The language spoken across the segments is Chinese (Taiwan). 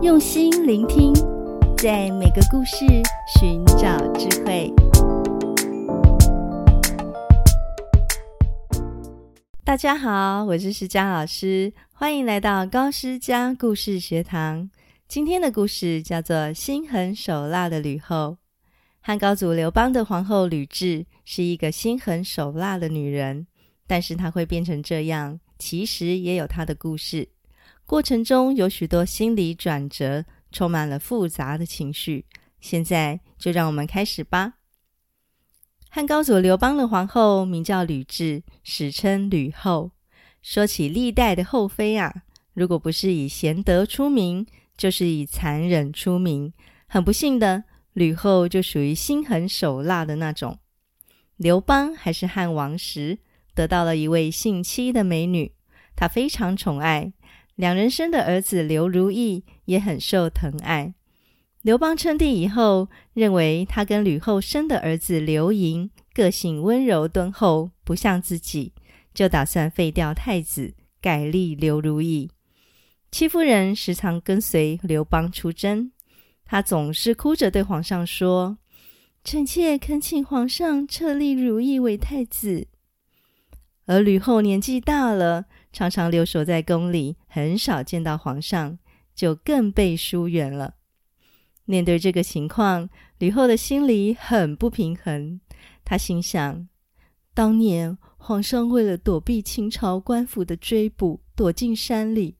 用心聆聽，在每個故事尋找智慧。大家好，我是詩佳老師，歡迎來到高詩佳故事學堂。今天的故事叫做《心狠手辣的呂後》。漢高祖劉邦的皇后呂雉是一個心狠手辣的女人，但是她會變成這樣，其實也有她的故事。過程中有許多心理轉折，充滿了複雜的情緒。現在就讓我們開始吧。漢高祖劉邦的皇后名叫呂雉，史稱呂後。說起歷代的後妃啊，如果不是以賢德出名，就是以殘忍出名。很不幸的，呂後就屬於心狠手辣的那種。劉邦還是漢王時，得到了一位姓戚的美女，他非常寵愛。兩人生的兒子劉如意也很受疼愛。劉邦稱帝以後，認為他跟呂後生的兒子劉盈個性溫柔敦厚，不像自己，就打算廢掉太子，改立劉如意。戚夫人時常跟隨劉邦出征，她總是哭着對皇上說：“臣妾懇請皇上冊立如意為太子。”而呂後年紀大了，常常留守在宮裡，很少見到皇上，就更被疏遠了。面對這個情況，呂後的心裡很不平衡。她心想：當年皇上為了躲避秦朝官府的追捕，躲進山裡，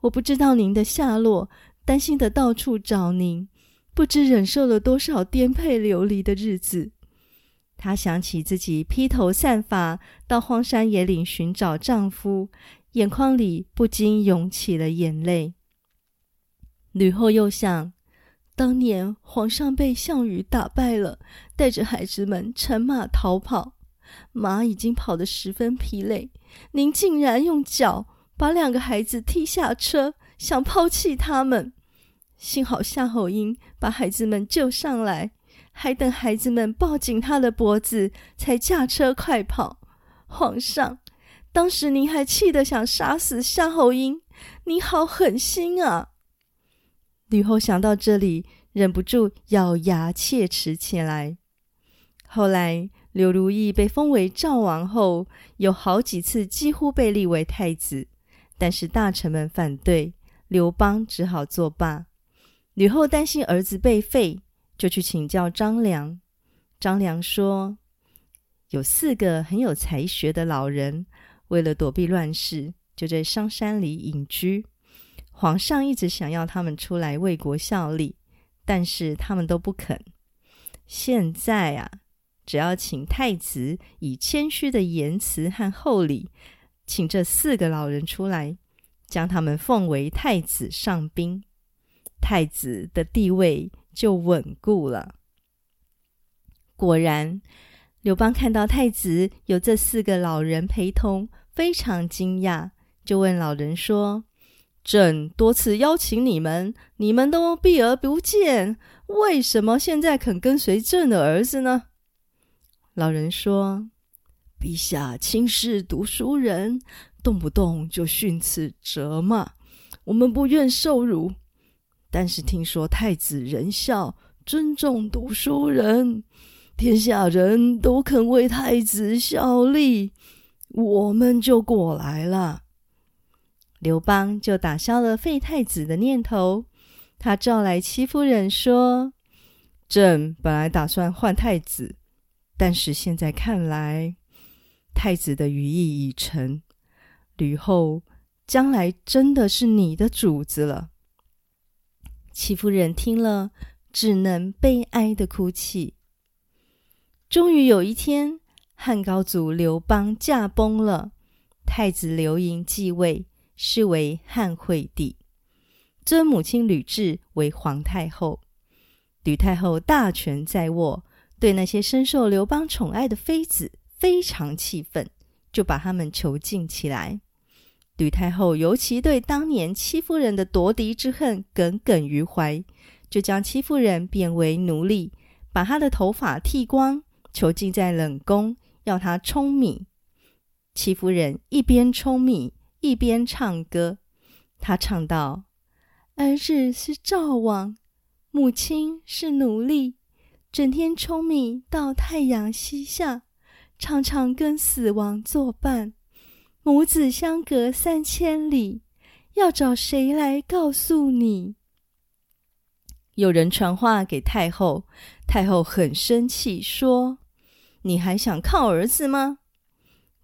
我不知道您的下落，擔心得到處找您，不知忍受了多少顛沛流離的日子。她想起自己披頭散髮到荒山野嶺尋找丈夫，眼眶裡不禁湧起了眼淚。呂後又想，當年皇上被項羽打敗了，帶着孩子們乘馬逃跑，馬已經跑得十分疲累，您竟然用腳把兩個孩子踢下車，想拋棄他們。幸好夏侯嬰把孩子們救上來。還等孩子們抱緊他的脖子，才駕車快跑。皇上，當時您還氣得想殺死夏侯嬰，您好狠心啊！呂後想到這裡，忍不住咬牙切齒起來。後來，劉如意被封為趙王後，有好幾次幾乎被立為太子，但是大臣們反對，劉邦只好作罷。呂後擔心兒子被廢。就去請教張良。張良說：“有四個很有才學的老人，為了躲避亂世，就在商山裡隱居。皇上一直想要他們出來為國效力，但是他們都不肯。現在啊，只要請太子以謙虛的言辭和厚禮，請這四個老人出來，將他們奉為太子上賓。太子的地位，”就穩固了。果然，劉邦看到太子有這四個老人陪同，非常驚訝，就問老人說：“朕多次邀請你們，你們都避而不見，為什麼現在肯跟隨朕的兒子呢？”老人說：“陛下輕視讀書人，動不動就訓斥、責罵，我們不願受辱。”但是聽說太子仁孝，尊重讀書人，天下人都肯為太子效力，我們就過來了。劉邦就打消了廢太子的念頭，他召來戚夫人說：“朕本來打算換太子，但是現在看來，太子的羽翼已成，呂後將來真的是你的主子了。”戚夫人聽了，只能悲哀的哭泣。終於有一天，漢高祖劉邦駕崩了，太子劉盈繼位，是為漢惠帝，尊母親呂雉為皇太後。呂太后大權在握，對那些深受劉邦寵愛的妃子非常氣憤，就把他們囚禁起來。呂太后尤其對當年戚夫人的奪嫡之恨耿耿於懷，就將戚夫人貶為奴隸，把她的頭髮剃光，囚禁在冷宮，要她舂米。戚夫人一邊舂米，一邊唱歌。她唱道：“兒子是趙王，母親是奴隸，整天舂米到太陽西下，常常跟死亡作伴。”母子相隔三千里，要找誰來告訴你？有人傳話給太後，太后很生氣，說：“你還想靠兒子嗎？”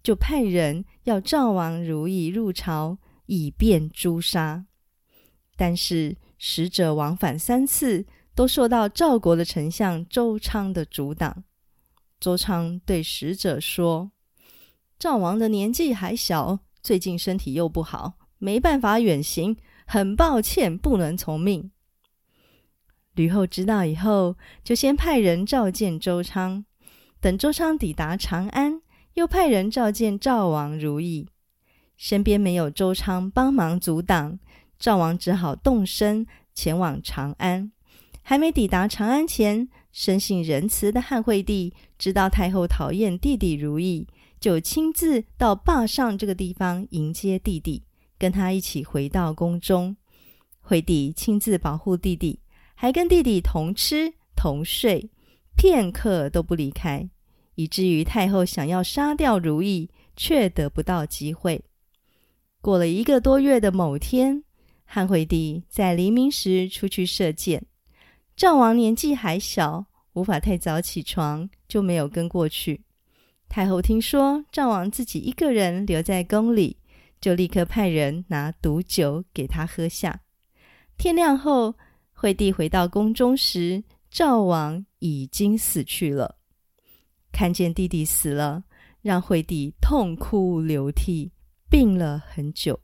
就派人要趙王如意入朝，以便誅殺。但是使者往返三次，都受到趙國的丞相周昌的阻擋。周昌對使者說。趙王的年紀還小，最近身體又不好，沒辦法遠行。很抱歉，不能從命。呂後知道以後，就先派人召見周昌，等周昌抵達長安，又派人召見趙王如意。身邊沒有周昌幫忙阻擋，趙王只好動身前往長安。還沒抵達長安前，生性仁慈的漢惠帝知道太后討厭弟弟如意。就親自到灞上這個地方迎接弟弟，跟他一起回到宮中。惠帝親自保護弟弟，還跟弟弟同吃同睡，片刻都不離開，以至於太后想要殺掉如意，卻得不到機會。過了一個多月的某天，漢惠帝在黎明時出去射箭，趙王年紀還小，無法太早起床，就沒有跟過去。太后聽說趙王自己一個人留在宮裡，就立刻派人拿毒酒給他喝下。天亮後，惠帝回到宮中時，趙王已經死去了。看見弟弟死了，讓惠帝痛哭流涕，病了很久。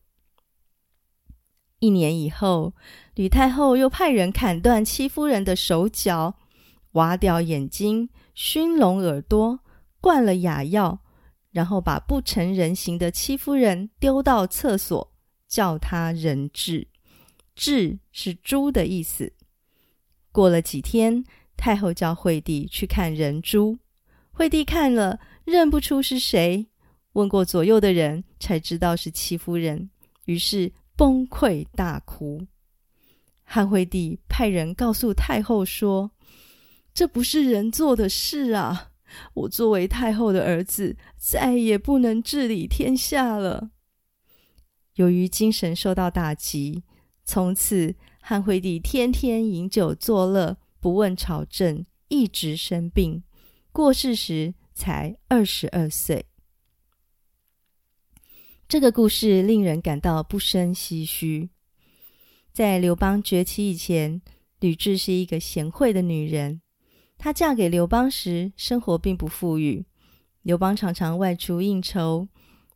一年以後，呂太后又派人砍斷戚夫人的手腳，挖掉眼睛，熏聾耳朵。換了啞藥，然後把不成人形的戚夫人丟到廁所，叫她人彘。彘是豬的意思。過了幾天，太后叫惠帝去看人豬。惠帝看了認不出是誰，問過左右的人，才知道是戚夫人，於是崩潰大哭。漢惠帝派人告訴太后說：“這不是人做的事啊。”我作為太後的兒子，再也不能治理天下了。由於精神受到打擊，從此漢惠帝天天飲酒作樂，不問朝政，一直生病。過世時才二十二歲。這個故事令人感到不勝唏噓。在劉邦崛起以前，呂雉是一個賢惠的女人。她嫁給劉邦時，生活並不富裕。劉邦常常外出應酬，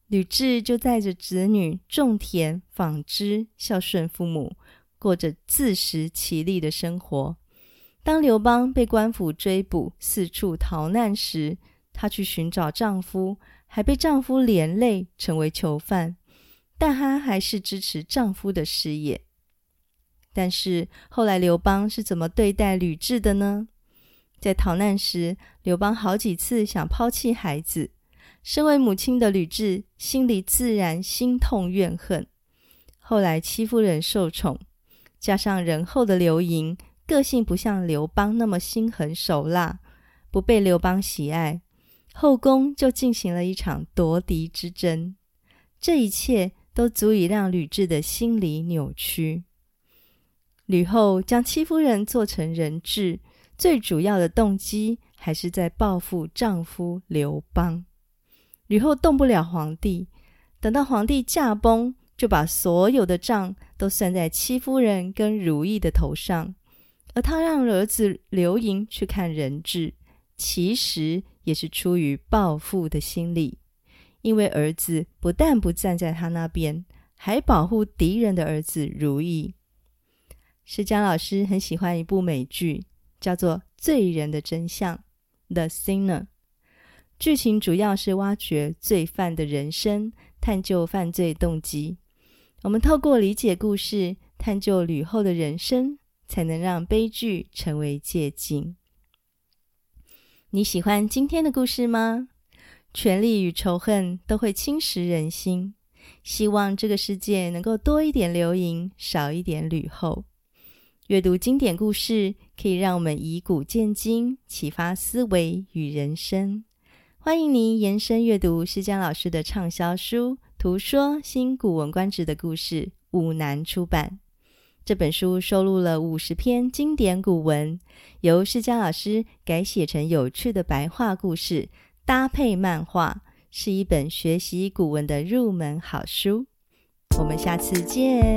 呂雉就帶着子女種田、紡織，孝順父母，過着自食其力的生活。當劉邦被官府追捕，四處逃難時，她去尋找丈夫，還被丈夫連累成為囚犯。但她還是支持丈夫的事業。但是後來劉邦是怎麼對待呂雉的呢？在逃難時，劉邦好幾次想拋棄孩子。身為母親的呂雉，心裡自然心痛怨恨。後來戚夫人受寵，加上仁厚的劉盈，個性不像劉邦那麼心狠手辣，不被劉邦喜愛，後宮就進行了一場奪嫡之爭。這一切都足以讓呂雉的心理扭曲。呂後將戚夫人做成人彘。最主要的動機還是在報復丈夫劉邦。呂後動不了皇帝，等到皇帝駕崩，就把所有的賬都算在戚夫人跟如意的頭上。而他讓兒子劉盈去看人彘，其實也是出於報復的心理，因為兒子不但不站在他那邊，還保護敵人的兒子如意。詩佳老師很喜歡一部美劇。叫做《罪人的真相》（The Sinner），劇情主要是挖掘罪犯的人生，探究犯罪動機。我們透過理解故事，探究呂後的人生，才能讓悲劇成為借鑒。你喜歡今天的故事嗎？權力與仇恨都會侵蝕人心。希望這個世界能夠多一點劉盈，少一點呂後。閱讀經典故事可以讓我們以古鑑今，啟發思維與人生。歡迎您延伸閱讀詩佳老師的暢銷書《圖說新古文觀止的故事》，五南出版。這本書收錄了五十篇經典古文，由詩佳老師改寫成有趣的白話故事，搭配漫畫，是一本學習古文的入門好書。我們下次見。